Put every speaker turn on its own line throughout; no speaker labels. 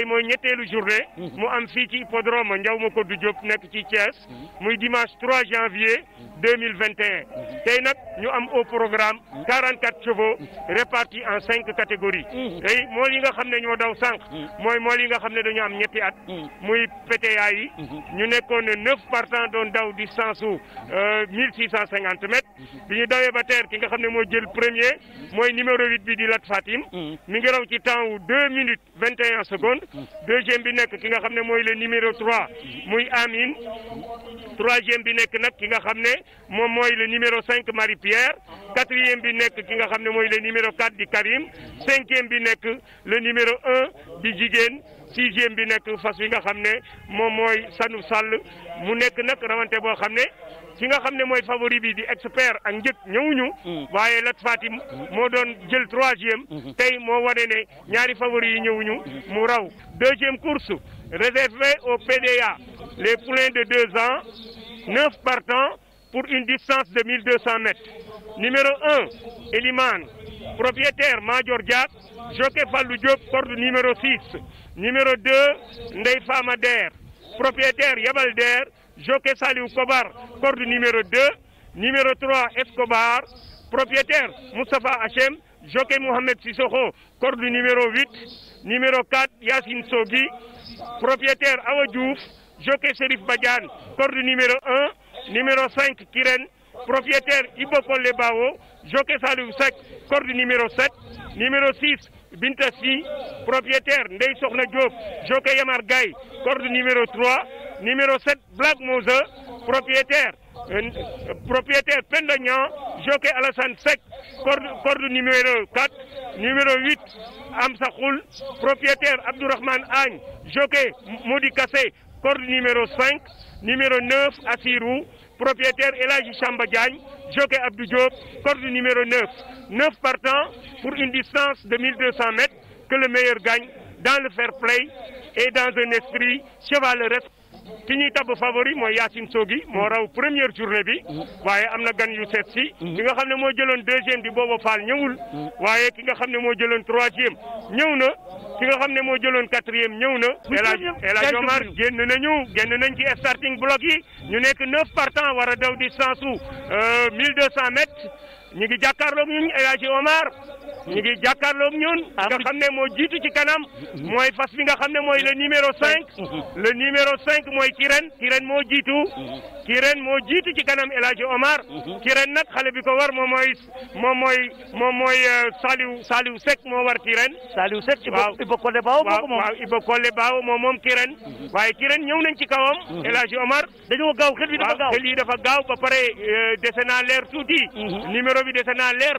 tey mooy ñetteelu journée. Mhm. mu am fii ci hippodrome Ndiaw Macodou Diop nekk ci Thiès. Mhm. muy dimanche 3 janvier. Mhm. deux mille vingt et un tey nag ñu am au programme quarante quatre chevaux répartis en cinq catégories tey mool yi nga xam ne ñoo daw sànq mooy mool yi nga xam ne dañu am ñetti at muy PTA yi ñu nekkoon ne neuf partants doon daw distance u euh, mille six cent cinquante mètres bi ñu dawee ba teer ki nga xam ne mooy jël premier mooy numéro huit bi di Lat Fatim mi ngi raw ci temps deux minutes vingt et un secondes deuxième bi nekk ki nga xam ne mooy le numéro trois muy Amine troisième bi nekk nag ki nga xam ne moom mooy le numéro cinq Marie Pierre quatrième bi nekk ki nga xam ne mooy le numéro quatre di Karim cinquième bi nekk le numéro un di jigéen sixième bi nekk fas wi nga xam ne moom mooy sanu sàll mu nekk nag rawante boo xam ne ki nga xam ne mooy favori bi di expert ak njëkk ñëwuñu mm. waaye Lat Fatim moo doon jël troisième mm-hmm. tey moo wane ne ñaari favori yi ñëwuñu mm-hmm. mu raw deuxième course réservée au PDA les poulains de deux ans neuf partants pour une distance de 1200 mètres. Numéro 1, Eliman, propriétaire Major Diak, jockey Fallou Diop, corde numéro 6. Numéro 2, Ndey Famader, propriétaire Yabalder, jockey Saliou Kobar, corde numéro 2. Numéro 3, Escobar, propriétaire Moustapha Hachem, jockey Mohamed Sissoko, corde numéro 8. Numéro 4, Yassine Sogi, propriétaire Awa Diouf, jockey Serif Badian, numéro 1. numéro 5 Kirène propriétaire Ibo Kolle Bawo jockey Saliou Seck corde numéro 7 numéro 6 Binta Sy propriétaire Ndeye Sokhna Diop jockey Yamar Gaye numéro 3 numéro 7 Black Moussa propriétaire euh, propriétaire Penda Niang jockey Alassane numéro 4 numéro 8 Amsa propriétaire Abdourahmane Agne jockey Modi corde numéro 5 numéro 9 Assirou propriétaire El Hadji Samba Diagne jockey Abdou Diop corde numéro 9 9 partants pour une distance de 1200 mètres que le meilleur gagne dans le fair play et dans un esprit chevaleresque ki ñuy tabb favori mooy Yacine Sogi moo raw première journée bi waaye am na gan yu seet si ki nga xam ne moo jëloon deuxième bi booba Fall ñëwul mm. waaye ki nga xam ne moo jëloon troisième ñëw na ki nga xam ne moo jëloon quatrième ñëw na. El Hadj Omar génn nañu génn nañ ci starting block yi. ñu nekk neuf partants war a daw distance su euh, mille deux cent mètres. ñu ngi jàkkaarloog ñun El Hadj Omar ñu ngi jàkkaarloog ñun. nga xam ne moo jiitu ci kanam. mooy fas bi nga xam ne mooy la numéro 5. le numéro 5 mooy Kirène Kirène moo jiitu. Kirène moo jiitu ci kanam El Hadj Omar. Kirène nag xale bi ko war moom mooy moo mooy moom mooy euh, moo war Kirène. Saliou Seck waaw Ibo Kole Baaw moom waaw Ibo Kole Baaw moom moom Kirène. waaye Kirène ñëw nañ ci kawam. El Hadj Omar dañoo gaaw xel yi dafa gaaw xel yi dafa gaaw ba pare euh, dese naa leer tuuti. Mhm. numéro numéro bi naa leer.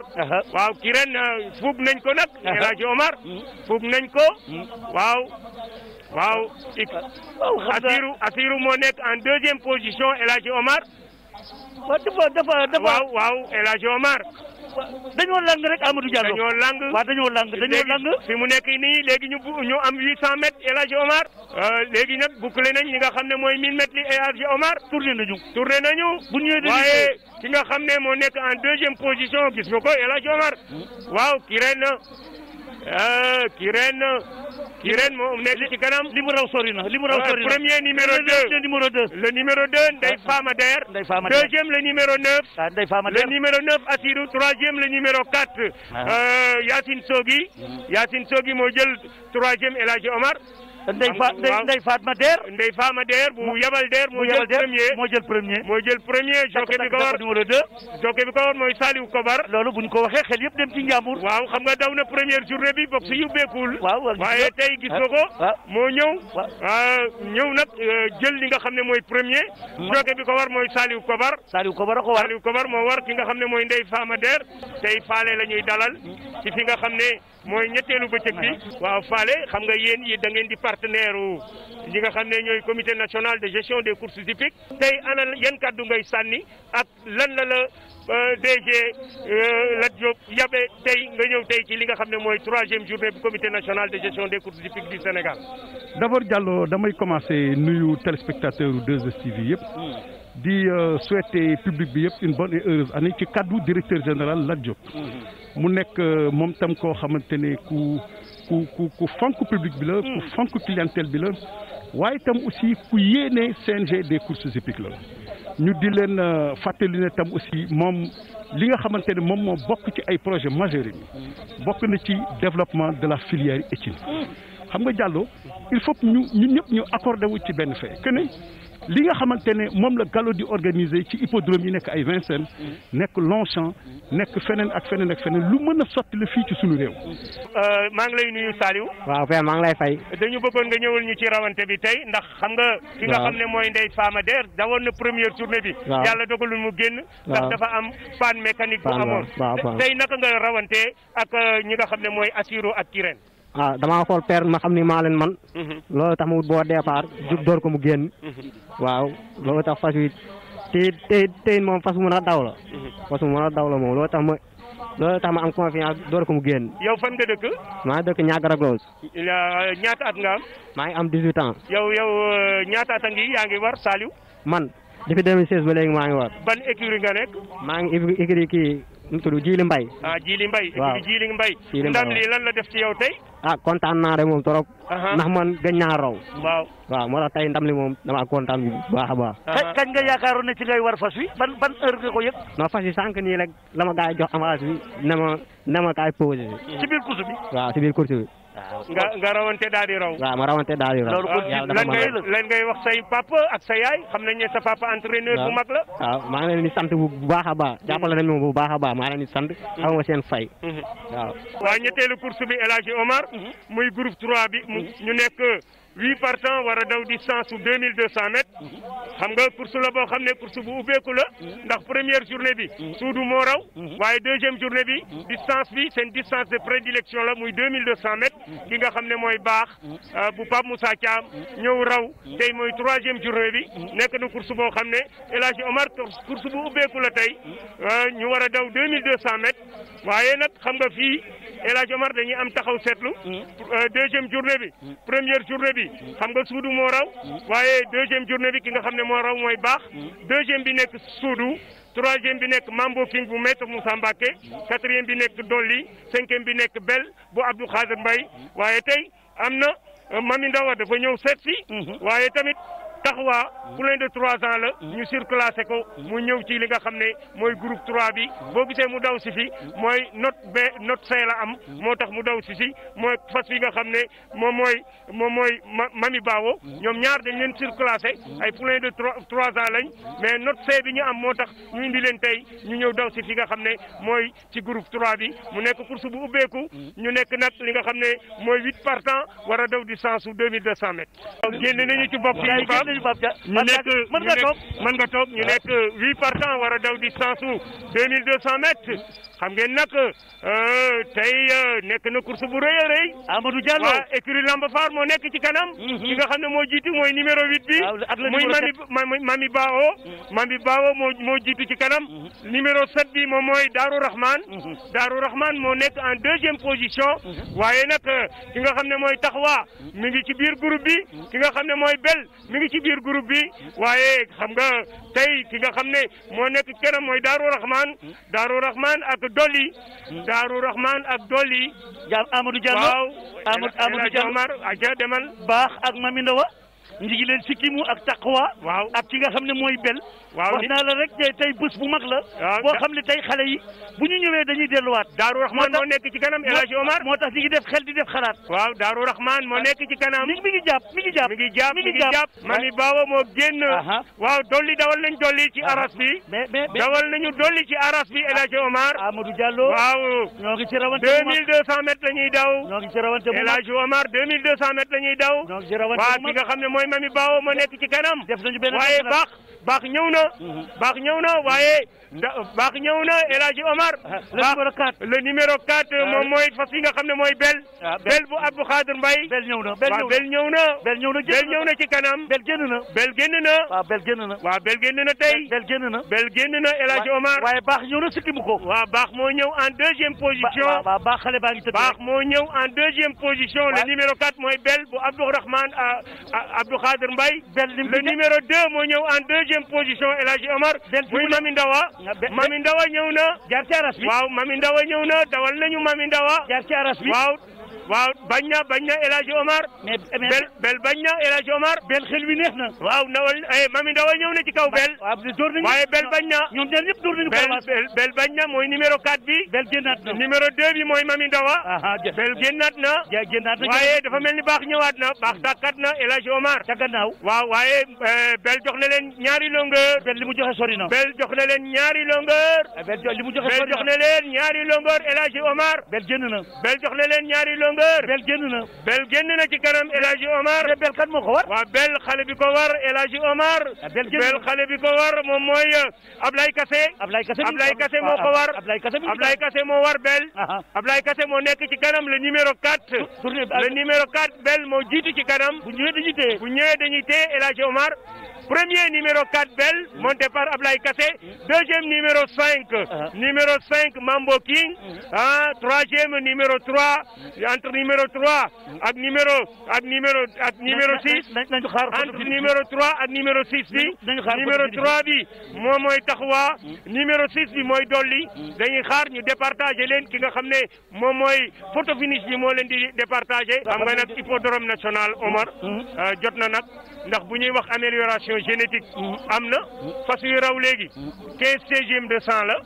waaw ki ren euh, nañ ko nag. El Omar. Hmm. fuub nañ ko. Hmm. waaw. waaw. Assirou Assirou moo nekk en deuxième position El Omar. waaw waaw Omar. dañoo lang rek Amadou Diallo dañoo lang waaw dañoo lang dañoo lang fi mu nekk nii léegi ñu ñu am huit cent mètres El Hadj Omar euh, léegi nag bouclé nañ li nga xam ne mooy mille mètres li El Hadj Omar tourné nañu tourné nañu bu ñëwee waaye ki nga xam ne moo nekk en deuxième position gis nga ko El Hadj Omar hmm. waaw ki Kirène ah, Kirène moom li ci kanam. li mu raw sori na li mu raw sori na premier numéro deux le numéro deux. le numéro deux Ndeye ah, Fama Der. Ndeye Fama Der deuxième le numéro neuf. ah Ndeye Fama Der le numéro neuf Assirou troisième le numéro quatre. Ah. Euh, Yacine Sogui. Mm. Yacine Sogui moo jël troisième El Hadji Omar. Ndey Fa Ndey Fatma Der. Ndey Fatma Der bu yabal Der. moo jël premier moo jël premier. moo jël premier jokkoo bi ko war numéro deux. jokkoo bi ko war mooy Saliou Kobar. loolu buñ ko waxee xel yëpp dem ci Njàmbur. waaw xam nga daw na première journée bi box yu beekul. waaw waaye tey gis nga ko. Ah, moo ñëw. Ah, ñëw nag euh, jël li nga xam ne mooy premier. Mm-hmm. jokkoo bi ko war mooy Saliou Kobar. Saliou Kobar a ko war Saliou Kobar moo war ki nga xam ne mooy Ndey Fatma Der. tey faale la ñuy dalal ci fi nga xam ne. mooy ñetteelu bëccëg bi waaw faale xam nga yéen yi da ngeen di partenaire ñi nga xam ne ñooy comité national de gestion des courses hippiques tey ana yan kàddu ngay sànni ak lan la la euh, DG euh, Lat Diop yabe tey nga ñëw tey ci li nga xam ne mooy troisième journée bu comité national de gestion des courses hippiques du Sénégal
d'abord Diallo damay commencer nuyu téléspectateurs 2STV yëpp hmm. di euh, souhaiter public bi yëpp une bonne et heureuse année ci kaddu directeur général Lat Diop. mu nekk euh, moom tam koo xamante ne ku ku ku ku fonk public bi la. ku hmm. fonk clientèle bi la. waaye tam aussi ku yéene CNG des courses hippiques la ñu di leen euh, fàttali ne tam aussi moom li nga xamante ne moom moo bokk ci ay projet majeurs yi bokk na ci développement de la filière équine hmm. xam nga jàlloo il faut ñu ñun ñëpp ñu accordé wu ci benn fait que li nga xamante ne moom la galop di organiser ci hippodrome yi nekk ay Vincennes mhm. nekk Longchamp mhm. nekk feneen ak feneen ak feneen lu mën a sotti la fii ci suñu réew.
Euh, maa ngi lay nuyu Saliou.
waaw fay maa ngi lay fay.
dañu bëggoon nga ñëwal ñu ci rawante bi tey ndax xam nga. ki nga xam ne mooy Ndeye Fama Der dawoon na première tournée bi. waaw yàlla dogalul mu génn. ndax dafa am panne mécanique bu amoon. tey naka nga rawante ak euh, ñi nga xam ne mooy Assirou ak Kirène.
ah damaa xool père ma xam ni maa leen man mhm. loolu tax mu wut boo départ jub door ko mu génn waaw loolu tax fas wi te te tey moom fas mu mën a mhm. fas mu mën a moom loolu tax ma loolu tax ma am confiance door ko mu génn yow fan nga dëkk maa ngi dëkk Niagara Grosse
ñaata at nga am maa ngi am dix-huit ans yow yow euh, ñaata at a ngi yaa ngi war Saliou
man depuis 2016 ba léegi maa ngi war
ban écurie nga nekk
maa ngi écurie kii nu mu tudd Jili Mbaye.
ah Jili Mbaye. waaw Jili Mbaye. Jili Mbaye ndam lii lan la def ci yow tey.
ah kontaan naa de moom trop. ndax man gën naa raw. waaw waaw moo tax tey ndam li moom damaa kontaan bu baax a baax.
kañ nga yaakaaroon ne ci ngay war fas wi ban ban heure nga ko yëg.
na ma na ma kaay posé. bi. waaw ci biir bi.
nga nga rawante daal di raw.
waaw ma rawante daal di raw. yàlla dafa mën
a lan ngay wax say papa ak sa yaay xam nañ sa papa entraîneur bu la.
maa ngi leen sant bu baax a baax mhm. jàppale nañ ma bu baax a maa ngi sant. xaw mhm. ma seen fay. Mhm. waaw.
waa ñetteelu course bi El Hadj Omar. muy groupe 3 bi. ñu nekk. huit partants war a daw distance su deux mille deux cent mètres xam nga course la boo xam ne course bu ubbeeku la ndax première journée bi suudu moo raw waaye deuxième journée bi distance bi seen distance de prédilection la muy deux mille deux cent mètres ki nga xam ne mooy baax euh, bu Pape Moussa Thiam ñëw raw tey mooy troisième journée bi nekk na course boo xam ne El Hadji Omar course bu ubbeeku la tey euh, ñu war a daw deux mille deux cent mètres waaye nag xam nga fi El Hadji Omar dañuy am taxaw seetlu euh, deuxième journée bi bi xam nga suudu moo raw waaye deuxième journée bi ki nga xam ne moo raw mooy baax deuxième bi nekk suudu troisième bi nekk Mambo King bu maître Moussa Mbacké quatrième bi nekk Dolli cinquième bi nekk Bel bu Abdou Khadir Mbaye waaye tey am na euh, Mami Ndawa dafa ñëw seet si mhm. waaye tamit taxawaa poulain mm. de trois ans la mm. ñu surclassé ko mm. mu ñëw ci li nga xam ne mooy groupe trois bi boo gisee mu daw si fi mooy not B not C la am moo tax mu daw si si mooy fas bi nga xam ne moom mooy moom mooy mami baawo ñoom ñaar dañ leen surclassé ay poulain de trois ans lañ mais not C bi ñu am moo tax ñu indi leen tey ñu ñëw daw si fi nga xam ne mooy ci groupe trois bi mu nekk course bu ubbeeku ñu nekk nag li nga xam ne mooy huit partants war a daw distance su deux cent mètres génn nañu ci bopp nañu Pape Dia. ñu nekk mën nga toog mën nekk huit partants war a daw distance su deux mille deux cent mètres xam ngeen nag euh, tey euh, nekk na course bu rëy a rëy. Amadou Diallo waaw écurie Lamba Faar moo nekk ci kanam. Mhm. ki nga xam ne moo jiitu mooy numéro huit bi. Ah, muy mami mami mhm. mami Bao. mami Bao moo moo jiitu ci kanam. Mhm. numéro sept bi moo mooy Darou Rahman. Darou Rahman moo nekk en deuxième position. waaye nag ki nga xam ne mooy taxawa mi ngi ci biir groupe bi. ki nga xam ne mooy bel mi ngi ci biir groupe bi waaye xam nga tey ki nga xam ne moo nekk kenam mooy Daaru Rahman Daaru Rahman ak Doli Daaru Rahman ak Doli jaam Amadou Diallo waaw Amadou Diallo aja demal baax ak Mami Ndawa ñu ngi leen sikkimu ak taqwa waaw ak ki nga xam ne mooy bel waaw wax naa la rek tey bés bu mag la. Ah, boo xam ne tey xale yi bu ñu ñëwee dañuy delluwaat. Daaru Rahman moo nekk ci kanam El Hadj Omar moo tax ñu ngi def xel di def xalaat. waaw Daaru Rahman moo ah. nekk ci kanam. mi ngi jàpp mi ngi jàpp mi ngi jàpp mi ngi jàpp. mami eh. Baba moo génn. waaw dolli dawal nañ dolli ci aras bi. mais mais dawal nañu dolli ci aras bi El Hadj Omar. Amadou Diallo waaw. ñoo ngi ci rawante bu mag 2200 mètres la ñuy daw. ñoo ngi ci rawante bu mag El Hadj Omar 2200 mètres la ñuy daw. ñoo ngi ci rawante bu mag waaw ki nga xam ne mooy mami Baba moo nekk ci kanam. def nañu benn baax baax ñëw na na baax ñëw na waaye baax ñëw na El Hadji Omar ah, baax le numéro 4 ah, moom mooy fas yi nga xam ne mooy bel ah, bel bu Abdou Khadir Mbaye bel ñëw na bel ñëw na bel ñëw na ci kanam bel génn na bel génn na waaw bel génn na waaw bel génn na tey bel génn na bel génn na El Hadji Omar waaye baax ñëw na sikkimu ko waaw baax moo ñëw en deuxième position baax xale baa ngi tëdd baax moo ñëw en deuxième position le numéro 4 mooy bel bu euh, euh, Abdou Rahman Abdou Khadir Mbaye le numéro 2 moo ñëw en deuxième position président El Hadj Omar muy Mami Ndawa Mami Ndawa ñëw na jar ci aras bi waaw Mami Ndawa ñëw na dawal nañu Mami Ndawa jar ci aras bi waaw bañ na bañ na El Hadj Omar. bel bel bañ na El Hadj Omar. bel xel bi neex na. waaw ndawal eh, mami ndawal ñëw na ci kaw bel. waaw door nañu waaye bel bañ na. mooy numéro 4 bi. bel génnaat na numéro 2 bi mooy mami ndawa. bel génnaat na. ja génnaat na waaye dafa mel ni baax ñëwaat na baax tàkkat na El Hadj Omar. ca gannaaw waaw waaye eh, bel jox na leen ñaari longueur. bel li mu joxe sori na. jox na leen ñaari longueur. Eh, bel na bel jox na leen ñaari longueur El Hadj Omar. bel génn na bel jox na leen ñaari longueur leader bel génn na bel génn na ci kanam El Hadji Omar te bel kat moo ko war waaw bel xale bi ko war El Hadji Omar ah, bel xale bi ko war moom mooy euh, Ablaye Kassé Ablaye Kassé Ablaye Kassé moo ko ah, war Ablaye Kassé moo war bel Ablaye Kassé moo nekk ci kanam le numéro 4 le ah, numéro 4 bel moo jiitu ci kanam bu ñëwee dañuy téye bu ñëwee dañuy téye El Hadji Omar premier numéro 4 Belle monté par Ablaye Kassé deuxième numéro cinq uh-huh. numéro 5 Mambo King uh-huh. ah troisième numéro 3 entre numéro 3 ak numéro ak numéro ak numéro 6 entre numéro 3 ak bi bi uh-huh. moom mooy taxawaa numéro 6 bi mooy dolli dañuy xaar ñu départager leen ki nga xam ne moo mooy photo finish bi moo leen di départager xam nga nag hippodrome national Omar euh, jot na nag ndax bu ñuy wax amélioration génétique mm, am na mm. fas yu raw léegi mm. quinze cesième de cent la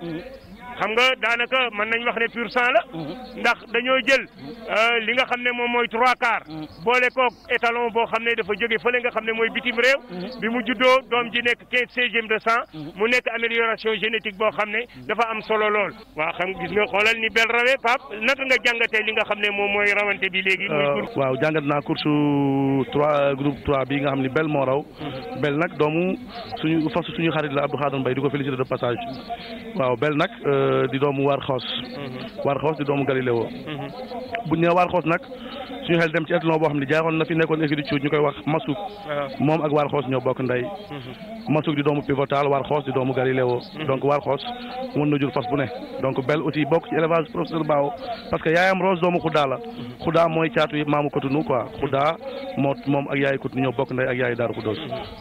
xam nga daanaka mën nañ wax ne pur sang la mhm. ndax dañoo jël euh, li nga xam ne moom mooy trois quarts mhm. boole koog étalon boo xam ne dafa jóge fële nga xam ne mooy bitim réew mhm. bi mu juddoo doom ji nekk quinze seizième de cent mu nekk amélioration génétique boo xam ne dafa am solo lool waaw xam gis nga xoolal ni bel rawee pap naka nga jàngatee li nga xam ne moom mooy rawante bi léegi euh, waaw
jàngat naa course trois groupe trois bi nga xam ne bel moo raw nag doomu suñu fas suñu xarit la Abdou Khadre Mbaye di ko de passage waaw bel euh, Euh, di doomu Warxos. Mhm. Warxos di doomu Galileo. Mhm. bu ñu nee Warxos nag suñu xel dem ci étalon boo xam ne jaaroon na fi nekkoon équipe di ñu koy wax Masuk. Ah. moom ak Warxos ñoo bokk ndey. Mhm. Masuk di doomu Pivotal Warxos di doomu Galileo. donc Warxos mën na jur fas bu ne. donc bel aussi bokk ci élevage professeur Bao parce que yaayam Rose doomu Xudaa la. Xudaa mooy caatu maamu Kotunu quoi Xudaa moo moom ak yaay Kotunu ñoo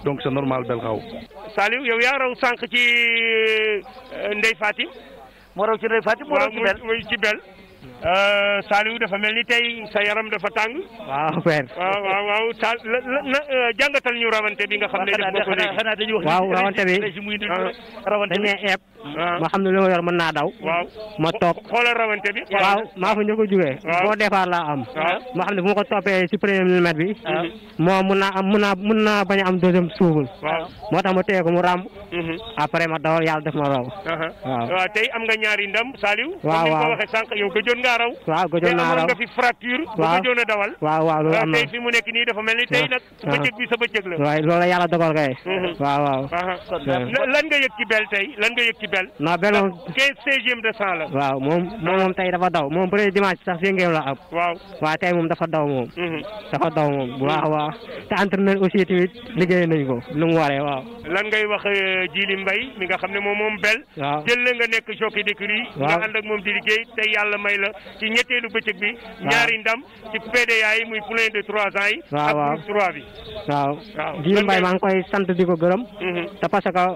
donc c'est normal bel xaw.
Saliou moo raw ci ndey Fatim moo raw ci bel mooy euh, dafa mel ni tey sa yaram dafa tàng.
waaw père. waaw
waaw waaw sa euh, jàngatal ñu rawante bi nga xam ne. def nga ko léegi xanaa dañuy wax waaw rawante bi rawante ma xam
ne li ma yor daw. ma toog
xoolal rawante bi. waaw maa fa
njëkk a jugee. waaw boo départ laa am. ma xam ne bu ma ko toppee ci premier millimètre bi. moo mun naa am mun naa mun naa bañ am deuxième suuful. moo tax ma téye ko mu ràmb. Mhm. après ma dawal yàlla def ma raw.
waaw tey am nga ñaari ndam Saliou. waaw waaw comme ni ko waxee sànq yow gëjoon ngaa raw. waaw gëjoon naa raw te amoon nga fi fracture. waaw gëjoon a dawal. waaw waaw loolu ah, am na tey fi mu nekk nii dafa mel ni tey ah. nag. waaw bëccëg bi sa bëccëg la. waaw loolu
yàlla dogal kay. Mhm. waaw waaw.
lan nga yëg ci bel tey lan nga yëg ci bel. non bel moom 15 16e de cent la. waaw moom moom
moom tey dafa daw moom premier dimanche sax fi ngeen la am. waaw waaye tey dafa daw moom. dafa daw moom bu baax a baax te entraîneur aussi tamit liggéey ko
lu Jili Mbay mi nga xam ne moom moom bel jël la nga nekk jockey d'écurie nga la ci ñetteelu bëccëg bi waaw
di ko gërëm mhm. te parce que ma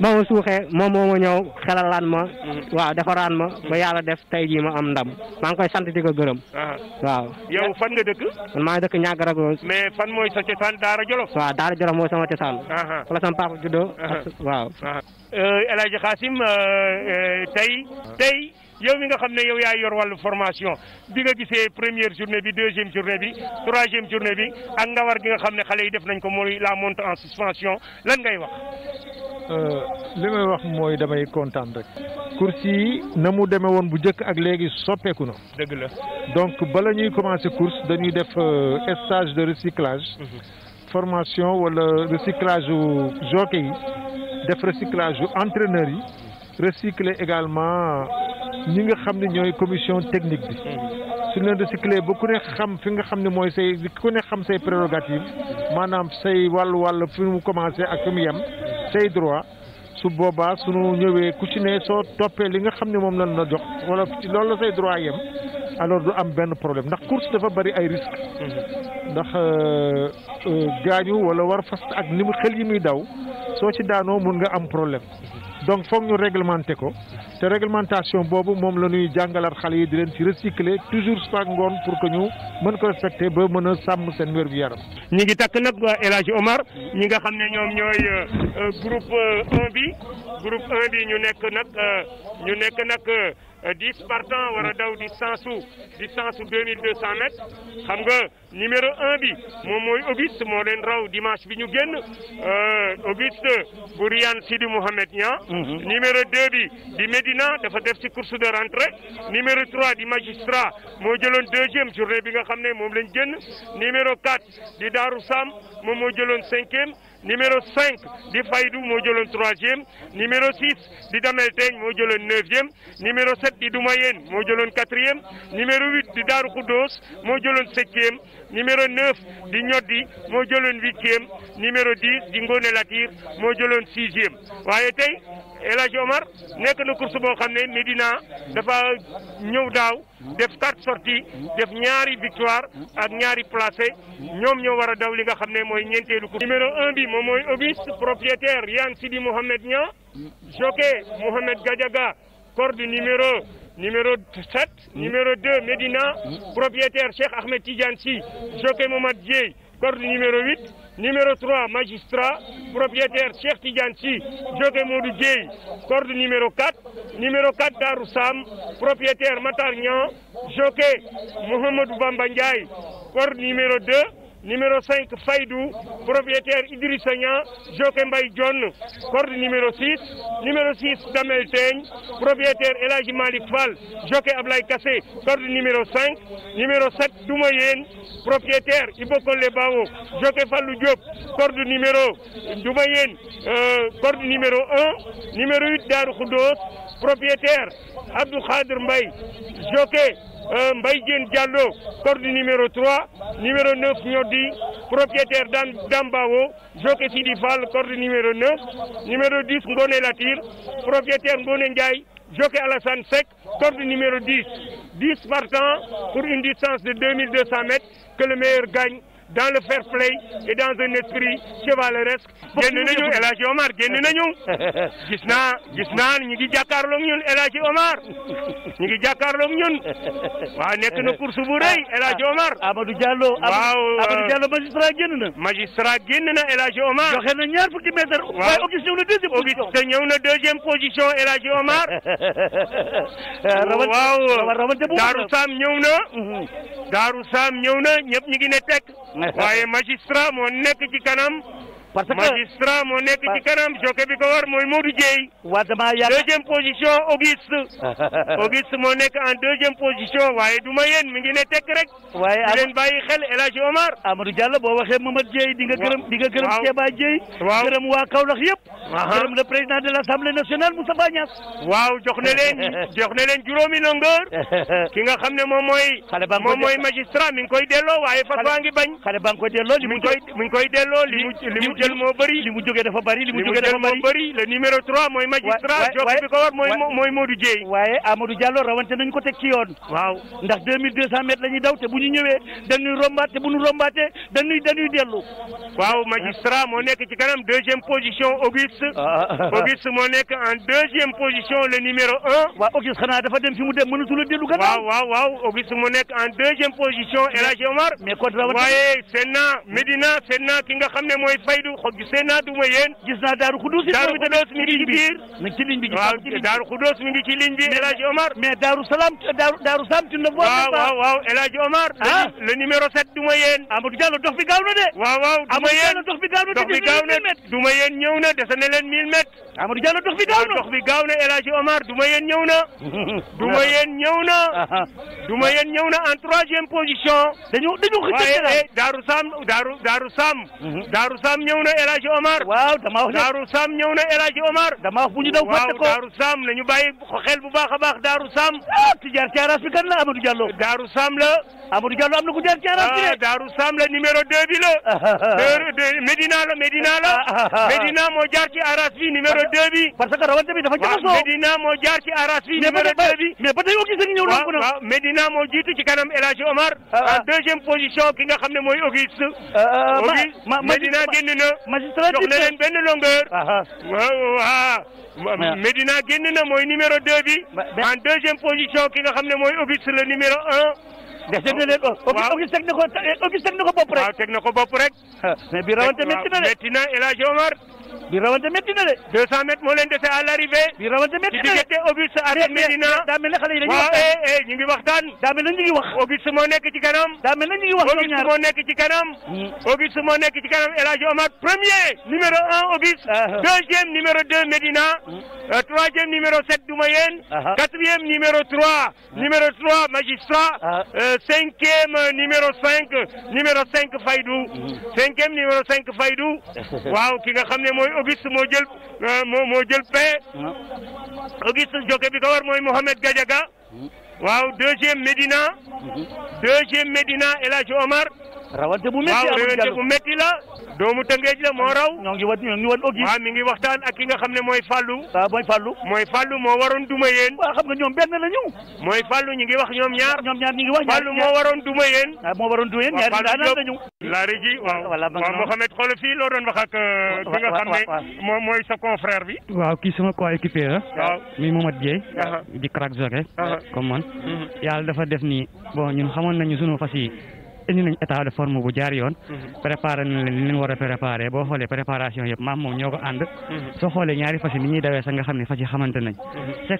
ba ma suuxee moom moo ma ñëw xelalaan ma mhm. waaw defaraan ma ba yàlla def tey jii ma am ndam maa ngi di ko gërëm
waaw yow fan nga dëkk
man maa ngi dëkk ñàgg rek mais
fan mooy sa cosaan Daara Jolof
waaw sama cosaan fa la sama waaw.
Euh, El Hadj Xaasim euh, euh, tey tey yow mi nga xam ne yow yaa yor wàllu formation bi nga gisee première journée bi deuxième journée bi troisième journée bi ak war gi nga xam ne xale yi def nañ ko mooy la montée en suspension lan ngay
wax. li may wax mooy damay kontaan rek. course yi na mu demee woon bu njëkk ak léegi soppeeku na. dëgg la donc bala ñuy commencer course dañuy def stage de recyclage. Mhm. formation wala recyclage yu jockey yi def recyclage yu entraîneur yi recycler également ñi nga xam ne ñooy commission technique bi su leen recycler ba ku ne xam fi nga xam ne mooy say ku ne xam say prérogative maanaam say wàllu wàll fi mu commencé ak fi mu yem say droit su boobaa nu ñëwee ku ci ne soo toppee li nga xam ne moom lañu la jox wala loolu la say droit yem alors du am benn problème ndax course dafa bari ay risque mhm. ndax euh, euh, gaañu wala war fas ak ni mu xel yi muy daw soo ci daanoo mun nga am problème mhm. donc foog ñu réglementé ko te réglementation boobu moom la ñuy jàngalaat xale yi di leen ci recycler toujours sax ngoon pour que ñu mën ko respecté ba mën a sàmm seen wér gu yaram. ñi ngi takk nag El Hadj Omar ñi nga xam ne ñoom ñooy
euh, groupe 1 bi groupe 1 bi ñu nekk nag ñu nekk nag. Euh, dix partants war a daw distance su distance su deux mille deux cent mètres xam nga numéro un bi moom mooy Auguste moo leen raw dimanche bi ñu génn euh, Auguste bu Riyaan Sidi Mohamed Niang mhm. numéro deux bi di Médina dafa def ci course de rentrée numéro trois di Magistrat moo jëloon deuxième journée bi nga xam ne moom lañ génn numéro quatre di Darou Sam moom moo jëloon cinquième numéro 5 di Faydou moo jëloon troisième numéro 6 di Damel Teeñ moo jëloon neuvième numéro 7 di Doumayeen moo jëloon quatrième numéro 8 di Daaru Khoudoos moo jëloon septième numéro 9 di Ñoddi moo jëloon huitième numéro 10 di Ngone Latir moo jëloon sixième waaye tey El Hadj Omar nekk na course boo xam ne Medina dafa ñëw daaw def quatre sorties def ñaari victoire ak ñaari placé ñoom ñoo war a daw li nga xam ne mooy ñeenteelu course. numéro un bi moom mooy obis propriétaire Yan Sidi Mohamed Niang jockey Mohamed Gadiaga corde numéro. numéro 7 numéro 2 Medina propriétaire Cheikh Ahmed Tidiane Sy jockey Momad Dieye corde numéro 8 Numéro 3, magistrat, propriétaire Cheikh Tidiane Sy, Jogé Modou Gueye, corde numéro 4. Numéro 4, Darou propriétaire Matarnian, jockey Mohamed Bamba corde numéro 2. numéro cinq Faydou propriétaire Idrissa Niang Joké Mbaye Dione corde numéro 6 numéro 6 Damel Teigne propriétaire El Hadji Malick Fall Joké Ablaye Kassé corde numéro 5 numéro 7 Doumayen propriétaire Ibokolé Bawo Joké Fallou Diop corde numéro Doumayen euh, numéro 1 numéro 8 Darou Khoudoss propriétaire Abdou Khadir Mbaye Joké Euh, Mbaye Diène Diallo corde numéro 3 numéro 9 Ñoddi propriétaire Dambawo jockey Sidi Fall corde numéro 9 numéro 10 Ngone Latir propriétaire Ngone Ndiaye jockey Alassane Seck corde numéro 10 10 partants pour une distance de 2200 mètres que le meilleur gagne dans le fair play et dans un esprit chevaleresque génn nañu El Hadj Omar génn nañu gis naa gis naa ñu ngi jàkkaarloog ñun El Omar ñu ngi jàkkaarloog ñun wa nekk na course bu rëy ah, El Hadj Omar. Ah, Amadou Diallo waaw Amadou Diallo magistrat génn na. magistrat génn na El Hadj Omar. joxe na ñaar fukki mètre. waaw waaye Auguste ñëw na deuxième position. Auguste na deuxième position El Omar. waaw Daaru Sam ñëw na. Mhm. Daaru Sam ñëw na ñëpp ñu ngi ne tekk. waaye magistrat moo nekk ci kanam parce que magistrat moo nekk ci kanam jokkoo bi ko war mooy Modou Dieye. waaw damaa yàgg deuxième position Auguste.
Auguste
moo nekk en deuxième position waaye du ma yéen mi ngi ne tekk rek. waaye di leen bàyyi boo waxee Mamadou Dieye di nga gërëm di nga gërëm Kéba Dieye. waaw gërëm waa Kaolack yëpp. gërëm le président de l' assemblée nationale Moustapha Niass. waaw jox na leen jox ki nga xam ne moom mooy. xale ba nga koy moom mooy magistrat mi ngi koy waaye fas waa ngi bañ. xale ba nga koy delloo li mu jël moo bëri li mu jógee dafa bëri li mu jógee dafa bëri le numéro 3 mooy magistrat jox bi ko war mooy mooy Modou Dieye waaye Amadou Diallo rawante nañu ko teg ci waaw ndax 2200 mètres la daw te bu ñu ñëwee dañuy rombaate bu ñu rombaate dañuy dañuy dellu waaw magistrat moo nekk ci kanam deuxième position Auguste ah, ah, ah, Auguste moo nekk en deuxième position le numéro 1 waaw Auguste xanaa dafa dem fi mu dem mënatul a dellu gannaaw waaw waaw xob gisee naa duma yéen gis naa Daaru Xudus Daaru Xudus mi ngi ci biir mi ngi ci ligne bi waaw Daaru Xudus mi ngi ci ligne bi El Hadj Omar mais Daaru Salaam Daaru Daaru Salaam tu ne vois pas waaw waaw El Hadj Omar ah le numéro 7 duma yéen Amadou Diallo dox bi gaaw na de waaw waaw duma yéen dox bi gaaw na dox bi gaaw na duma yéen ñëw na dese na leen 1000 mètres Amadou Diallo dox bi gaaw na dox bi gaaw na El Hadj Omar duma yéen ñëw na duma yéen ñëw na duma yéen ñëw na en troisième position dañu dañu xëcc eh, Daaru Sam Daaru Daaru Sam mhm. Daaru Sam ñëw ñëw na El Hadj Omar. waaw damaa wax Daaru Sam ñëw na El Hadj Omar. damaa wax bu ñu daw fàtte ko waaw Daaru Sam nañu bàyyi xel bu baax a baax Daaru Sam. ah Tidiane Thiaras bi kan la Amadou Diallo. Daaru Sam la. Amadou Diallo am na ku Tidiane Thiaras bi de. Ah, Daaru Sam la numéro 2 bi la. Medina la Medina la. Medina moo jaar ci Aras bi numéro 2 bi. parce que rawante bi dafa jaxasoo. waaw Medina moo jaar ci Aras bi numéro 2 bi. mais ba tey yoo gisee ñëw na. waaw Medina moo jiitu ci kanam El Hadj Omar. Ah, ah. en deuxième position ki nga xam ne mooy Auguste. Auguste Medina génn na. magistrature jox leen benn longueur. Ah, ah. waaw ah. Medina génn na mooy numéro 2 bi. en deuxième position ki nga xam ne mooy Auguste le numéro 1. déedéet déedéet Auguste teg na ko Auguste teg na ko bopp na ko bopp rek. bi rawante métti na de. 200 mètres moo leen dese à bi rawante métti na de ci diggante waxtaan waaw eh, eh, ñu ngi waxtaan. daa mel ne ñu ngi wax. Obus moo nekk ci kanam. daa mel ne ñu ngi wax ñoom ñaar Obus moo nekk ci kanam. Obus hmm. moo nekk ci kanam El Hadj Omar premier numéro un Obus. Ah, ah. deuxième numéro deux Medina. Hmm. Euh, troisième numéro sept Doumayen. Ah, quatrième numéro trois. numéro trois Magistrat. Euh, cinquième numéro cinq numéro cinq Faydou. Hmm. cinquième numéro cinq Faydou. waaw ki nga xam ne mooy Auguste moo jël euh, moo moo jël paie. Ah. Auguste jokke bi ko war mooy Mohamed Gadiaga. Hmm. waaw deuxième Medina. Hmm. deuxième Medina El Hadj Omar. rawante bu métti waaw rawante bu métti la doomu tëngeej la moo raw ñoo ngi wax ñoo ngi wan ngi waxtaan ak ki nga xam ne mooy Fallou waaw mooy Fallou mooy Fallou moo waroon duma yéen waaw xam nga ñoom benn la ñu mooy Fallou ngi wax ñoom ñaar ñoom ñaar ñi ngi wax Fallou moo waroon duma yéen waaw moo waroon duma yéen ñaar daanaan la ñu laari waaw waaw Mohamed xool fii loo doon wax ak euh, ki nga xam ne moom mooy sa confrère bi
waaw kii sama coéquipier la waaw mi Momadou Dieye uh-huh. di crack joge uh-huh. comme man mm-hmm. yàlla dafa def nii bon ñun xamoon nañu sunu fas yi indi nañ état de forme bu jaar yoon mhm. préparé nañ leen li a boo xoolee préparation yëpp maam moom ñoo ko ànd mhm. soo xoolee ñaari fas ni ñuy dawee sax nga xam ne fas xamante nañ mhm.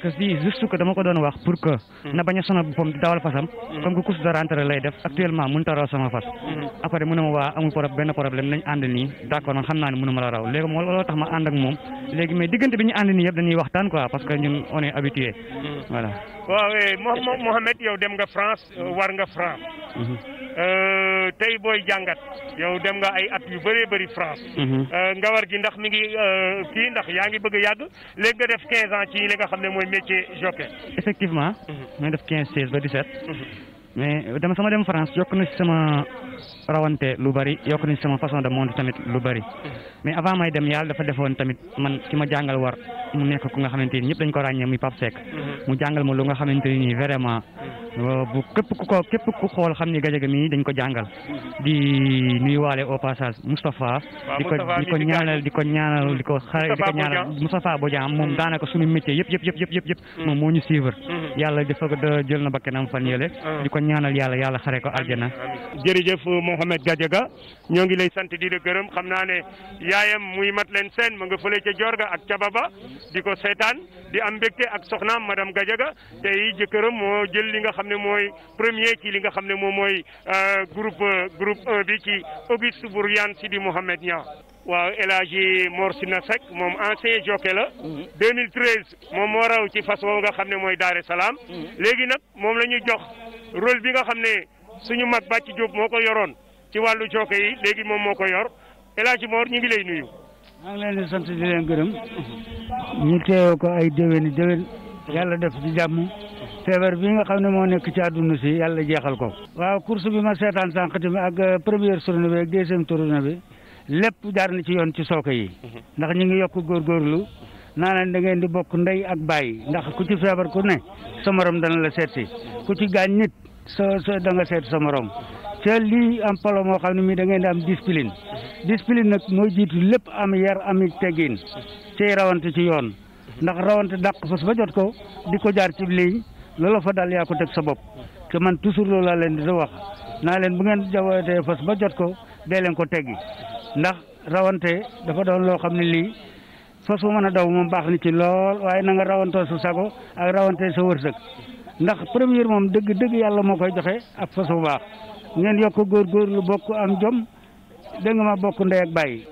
a comme course de rentrée lay def actuellement mënu ta sama fas après mu ne ma waa amul benn problème nañ ànd nii d'accord man xam naa ne mënu ma la raw léegi moom looloo tax ma ànd ak moom léegi mais diggante bi ñu ànd nii yëpp dañuy waxtaan quoi parce que ñun on est
Eh, mo mo Mohamed yow dem nga France euh, war nga France mhm. euh, tey booy jàngat yow dem nga ay at yu bëree bëri France mhm. euh, nga war gi ndax mi ngi kii ndax yaa ngi bëgg a yàgg léegi nga def quinze ans ci li nga xam ne mooy métier jockey
effectivement mhm. ma def quinze seize ba dix-sept mais dama sama dem France yokk na ci sama rawante lu bari yokk nañ sama façon de monde tamit lu bari mm-hmm. mais avant may dem yàlla dafa defoon tamit man ki ma jàngal war mu nekk ku nga xamante ni ñëpp dañ ko ràññee muy Pape Seck mm-hmm. mu jàngal ma lu nga xamante ni vraiment mm-hmm. euh, bu képp ku ko képp ku xool xam ni Gadiaga mii dañ ko jàngal di nuyuwaale au passage Moustapha di ko di ko ñaanal di ko ñaanal di ko xare di ko ñaanal Moustapha Bodian moom daanaka suñu métier yëpp yëpp yëpp yëpp yëpp moom moo ñu suivre yàlla dafa jël na bakkanam fan yàlla xare ko aljana
Mohamed Gadiaga ñoo ngi lay sant di la gërëm xam naa ne yaayam muy mat leen seen ma nga fële ca Jorga ak Cababa di ko seetaan di am mbégte ak soxnaam madame Gadiaga te yi jëkkëram moo jël li nga xam ne mooy premier ci li nga xam ne moom mooy euh, groupe groupe 1 bi ci Auguste Bouriane Sidi Mohamed Niang waaw El Hadji na Sina moom ancien jockey la. 2013 mhm. moom moo raw ci fas woowu nga xam ne mooy Daare Salaam. Mhm. léegi nag moom la jox rôle bi nga xam ne. suñu mag bàcc Diop moo ko yoroon ci wàllu jooke yi léegi moom moo ko yor El Hadj Mor ñu ngi lay nuyu.
maa ngi leen di sant di leen gërëm ñu teewoo ko ay déwéni déwén yàlla def ci jàmm feebar bi nga xam ne moo nekk ci àdduna si yàlla jeexal ko. waaw course bi ma seetaan sànq tamit ak euh, premier tournée bi ak deuxième bi lépp jaar na ci yoon ci sooke yi. Mhm. ndax ñu ngi yokk góorgóorlu naa leen da ngeen di bokk ndey ak bàyyi ndax ku ci feebar ku ne sa dana la seet si ku ci gaañ nit. soo soo da nga seet sa morom te lii am polo moo xam ne mii da ngeen di am discipline discipline nag mooy jiitu lépp am yar am teggin ci rawante ci yoon ndax rawante dàq fas ba jot ko di ko jaar ci lii loola fa dal yaa ko teg sa bopp te man toujours loolu laa leen di wax naa leen bu ngeen jawootee fas ba jot ko dee leen ko teggi ndax rawante dafa doon loo xam ne lii fas bu mën a daw moom baax na ci lool waaye na rawantoo sa sago ak rawante sa wërsëg ndax première moom dëgg dëgg yàlla moo koy joxe ak façon bu baax ngeen yokk góorgóorlu bokk am jom dégg nga ma bokk ndey ak bàyyi.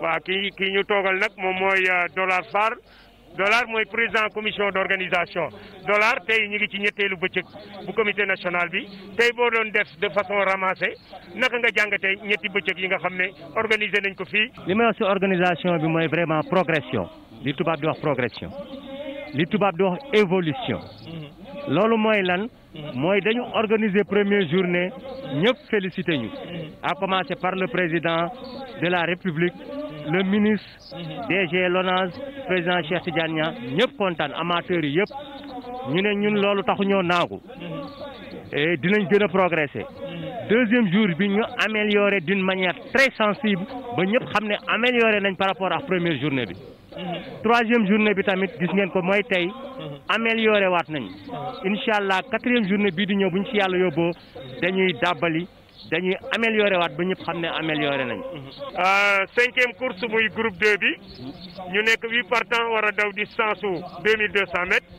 waaw kii kii ñu toogal nag moom mooy euh, Dollar Sarr Dollar mooy président commission organisation Dollar tey ñu ngi ci ñetteelu bëccëg bu comité national bi tey boo doon def de façon ramassée naka nga jàngatee ñetti bëccëg yi nga xam ne organisé nañ ko fii. li may wax ci organisation bi mooy vraiment progression li tubaab di wax di wax loolu mooy lan mooy dañu organiser première journée ñëpp félicité ñu à commencer par le président de la république le ministre DG Lonase président Cheikh Tidiane Niang ñëpp kontaan amateurs yi yëpp ñu ne ñun loolu taxu ñoo naagu et dinañ gën a progresser
deuxième jour bi ñu
améliorer d'une manière très sensible ba ñëpp xam ne améliorer nañ par rapport a première journée bi Mm-hmm. troisième journée bi tamit gis ngeen ko mooy tey mm-hmm. amélioré waat nañ mm-hmm. incha allah quatrième journée bii di ñëw buñ ci yàlla yóbboo dañuy dàbbali dañuy amélioré waat ba ñëpp xam ne amélioré nañ euh, cinquième course muy groupe 2 bi ñu nekk huit partants war a daw distance u deux mille deux cent mètres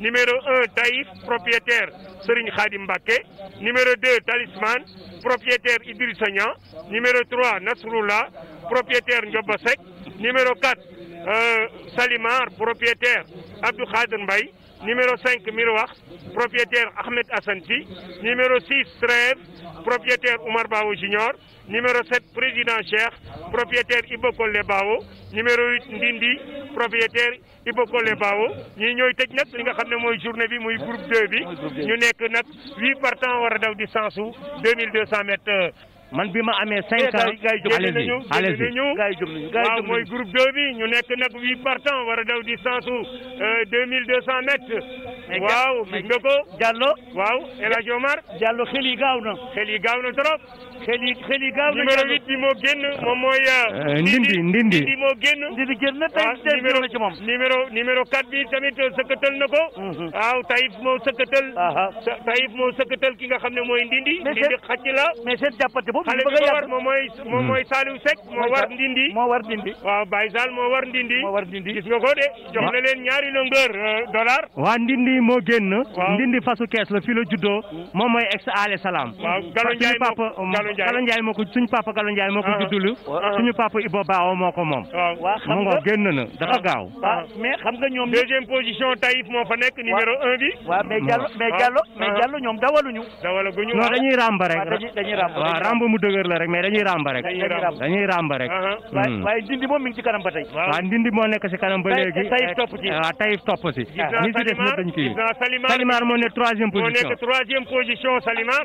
numéro un Taïf propriétaire Serigne Khadim Mbacké numéro deux Talisman propriétaire Idrissa Niang numéro trois Nasrullah propriétaire Ndioba Seck numéro quatre Euh, Salimar propriétaire Abdou Khadir Mbaye numéro 5 Miroir propriétaire Ahmed Assanti numéro 6 Srève propriétaire Oumar Bao Junior numéro 7 président Cheikh propriétaire Ibokolle Bao numéro 8 Ndindi propriétaire Ibokolle Bao ñii ñooy tëj nag li nga xam ne mooy journée bi muy groupe 2 bi ñu nekk nag huit partants war a daw di sensu 2200 mètres man bi ma amee cinq eh, ans allez-y allez mooy groupe 2 bi ñu nekk nag huit partants war a daw distance su euh, deux mille deux cent mètres waaw gis nga ko Diallo. waaw El Hadj Omar. Diallo xel yi gaaw na. xel yi gaaw na trop. xel yi xel yi gaaw na moo génn moom mooy. Ndindi Ndindi Ndindi moo génn. Ndindi génn na tey tey numéro ci moom. numéro numéro quatre bi tamit sëkkatal na ko. waaw Taïf moo sëkkatal. Taïf moo sëkkatal ki nga xam ne mooy Ndindi. Ndindi xàcc la. mais seen jàppante boobu xale bi war moom mooy moom mooy Saliou moo war Ndindi moo war Ndindi. waaw Baye Sall moo war Ndindi. moo war Ndindi gis nga ko de jox na leen ñaari longueur dollar. waa Ndindi lii moo génn. ndindi fasu kees la fii la juddoo moom mooy ex ale salaam. waaw Gallo Ndiaye papa Gallo Ndiaye moo ko suñu papa Gallo Ndiaye moo ko ah. juddulu suñu papa Ibo Baawo moo ko moom. waaw xam nga génn na dafa ah. gaaw. Ah, mais xam nga ñoom. deuxième position Taïf moo fa nekk numéro un bi. waaw mais Diallo mais Diallo mais Diallo ñoom dawaluñu. dawalaguñu non dañuy ràmb rek. dañuy ràmb mu dëgër la rek mais dañuy ràmb rek. dañuy ràmb rek. Hmm. waaye ndindi moom mi ngi kanam ba tey. waaw ndindi moo nekk ci kanam ba président Salimar Salimar moo nekk troisième position moo nekk troisième position Salimar.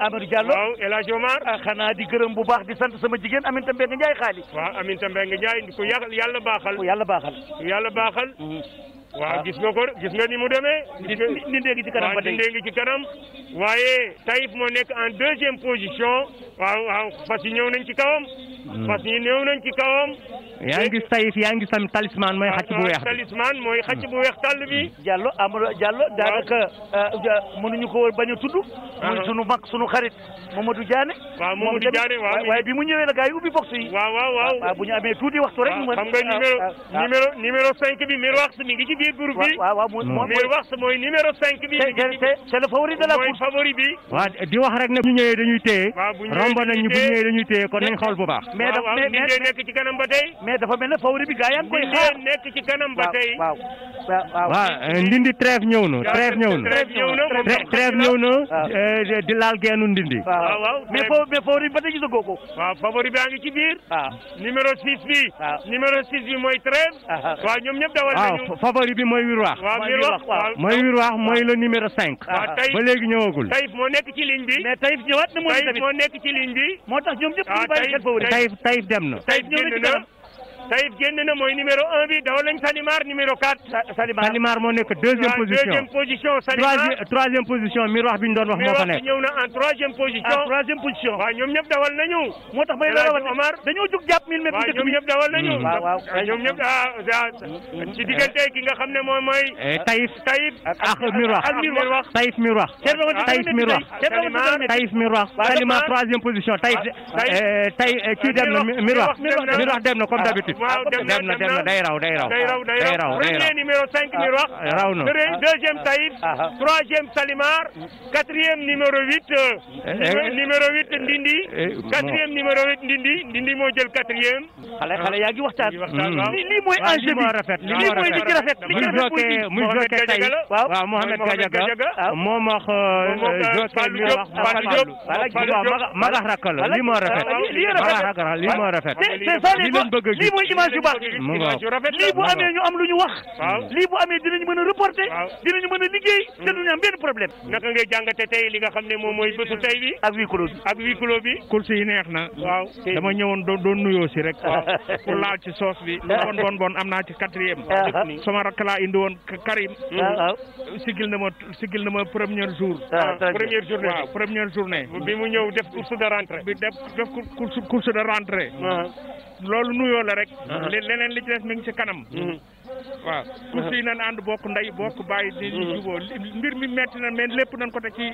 Amadou Diallo waaw El Hadj Omar. Ah, xanaa di gërëm bu baax di sant sama jigéen Aminata Mbengue Ndiaye xaalis. waaw Aminata Mbengue Ndiaye ku yàlla baaxal. ku yàlla baaxal. ku yàlla baaxal. Mm-hmm. waaw gis nga ko gis nga ni mu demee. di di ndéngi ci kanam ba tey ndéngi ci kanam. waaye Taïf moo nekk en deuxième position. waaw waaw fas yi ñëw nañ ci kawam. Mm-hmm. fas yi ñëw nañ ci kawam. yaa ngi gis Taïf yaa ngi
gis tam talisman mooy xàcc bu weex.
talisman mooy xàcc bu weex tàll bi. Hmm. Diallo Amadou Diallo daanaka euh, mënuñu ko bañ a tudd. Ah. muy sunu mag sunu xarit Mamadou Diané. waaw Mamadou Diané waaw waaye bi mu ñëwee la gars yi ubbi box yi. waaw waaw waaw bu ñu amee tuuti waxtu rek. waaw xam nga numéro ah, ah, numéro numéro 5 bi Mirwax mi ngi ci biir groupe bi. waaw waaw moom Mirwax mooy numéro 5 bi. te te c'est le favori de la course. mooy favori bi. waaw di wax rek ne bu ñëwee dañuy téye. waaw bu ñëwee dañuy téye romb nañ ñu bu ñëwee dañuy téye kon nañ xool bu baax. mais daf mais mais mais dafa mel ne fawri bi gaa yi am. tey xaar nekk ci kanam ba tey. waaw waaw waaw euh, ndindi trêve ñëw na. trêve ñëw na trêve ñëw euh, di laal geenu ndindi. waaw waaw bi ba tey gisagoo ko. waaw favori bi a ngi ci biir. waaw numéro 6 bi. waaw numéro 6 bi mooy trêve. waaw ñoom ñëpp dawal nekk ci ligne bi. mais Taïf ñëwaat na mooy moo nekk ci ligne bi. moo ah, dem na. Taïb génn na mooy numéro un bi dawal nañ Salimar numéro quatre. Salimar Salimar moo nekk deuxième position deuxième position Salimar troisième troisième position miroir bi ñu doon wax moo fa nekk. miroir bi ñëw na en troisième position. en troisième position waaw ñoom ñëpp dawal nañu. moo tax may la wax Omar dañoo jug jàpp mil mètres. waaw ñoom ñëpp dawal nañu. Mm, waaw waaw ñoom ñëpp ah, ah ci diggante ki nga xam ne moom mooy. Taïb eh, Taïb ak miroir ak miroir. Taïb miroir Taïb miroir. Salimar Taïb miroir Salimar troisième position Taïb. Ah, Taïb eh, eh, kii dem na miroir miroir dem na comme d'habitude waaw dem na dem na day raw day raw day raw day raw premier numéro cinq mille wax ah, raw na deuxième Saïd ah, ah. troisième Salimar quatrième numéro huit euh, eh, eh, numéro huit eh, Ndindi quatrième numéro huit Ndindi Ndindi moo jël quatrième xale xale yaa ngi waxtaan mm. lii mooy enjeu bi rafet lii mooy li ci rafet li ci rafet muy jokkee tey waaw Mohamed Gadiaga moom wax jokkee li wax Fallou Diop Fallou Diop magax rakkal li moo rafet magax rakkal li moo rafet li leen bëgg image yu baax lii bu amee ñu am lu ñu wax lii bu amee dinañ mën a reporter dinañ mën a liggéey mm. te duñu am problème naka ngay jàngate tey li nga xam ne moom mooy bésu tey bi ak huis clos bi ak huis clos bi course yi neex na waaw dama ñëwoon doon doon nuyoo si rek pour laal ci soos bi bon bon bon am naa ci quatrième sama rakk laa indi mm. na ma sigil na ma premier jour ah, première journée waaw première journée bi mu ñëw def course de rentrée bi def def course de rentrée ah. loolu nuyoo la rek. leneen li ci des mi ngi ci kanam. Mhm. waaw tous yi nañ bokk ndey bokk bàyyi di mhm. mbir mi metti na mais lépp nañ ko te ci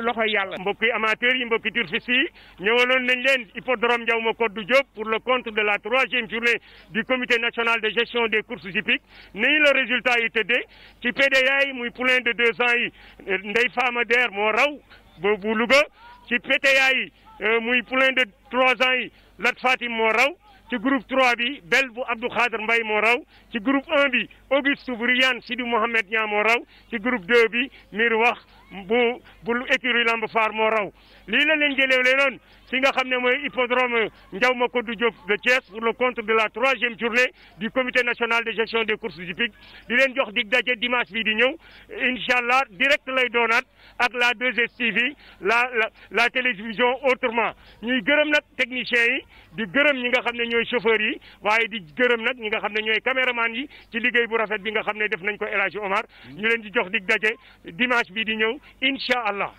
loxoy yàlla mbokki amateurs yi mbokki turfistes yi ñëwaloon nañ leen hippodrome Ndiaw Ma Codou Diop pour le compte de la troisième journée du comité national de gestion des courses hippiques nii le résultat yi tëddee ci PDA yi muy poulain de deux ans yi Ndeye Fama Der moo raw bu Louga ci PTA yi euh, muy poulain de trois ans yi Lat Fatim moo raw ci groupe 3 bi Bel bu Abdou Khader Mbaye moo raw ci groupe 1 bi Auguste bu Riyaan Sidi Mohamed Niang moo raw ci groupe 2 bi Miir wax bu bu lu écurie lamb faar moo raw lii la leen jëlee leen fi nga xam ne mooy hippodrome Ndiaw Macodou Diop de Thiès pour le compte de la troisième journée du comité national de gestion des courses hippiques di leen jox dig daje dimanche bii di ñëw incha allah direct lay doonaat ak la 2STV la la la télévision autrement ñuy gërëm nag techniciens yi di gërëm ñi nga xam ne ñooy chauffeurs yi waaye di gërëm nag ñi nga xam ne ñooy caméraman yi ci liggéey bu rafet bi nga xam ne def nañ ko El Hadj ñu leen di jox dig daje dimanche bii di ñëw incha allah.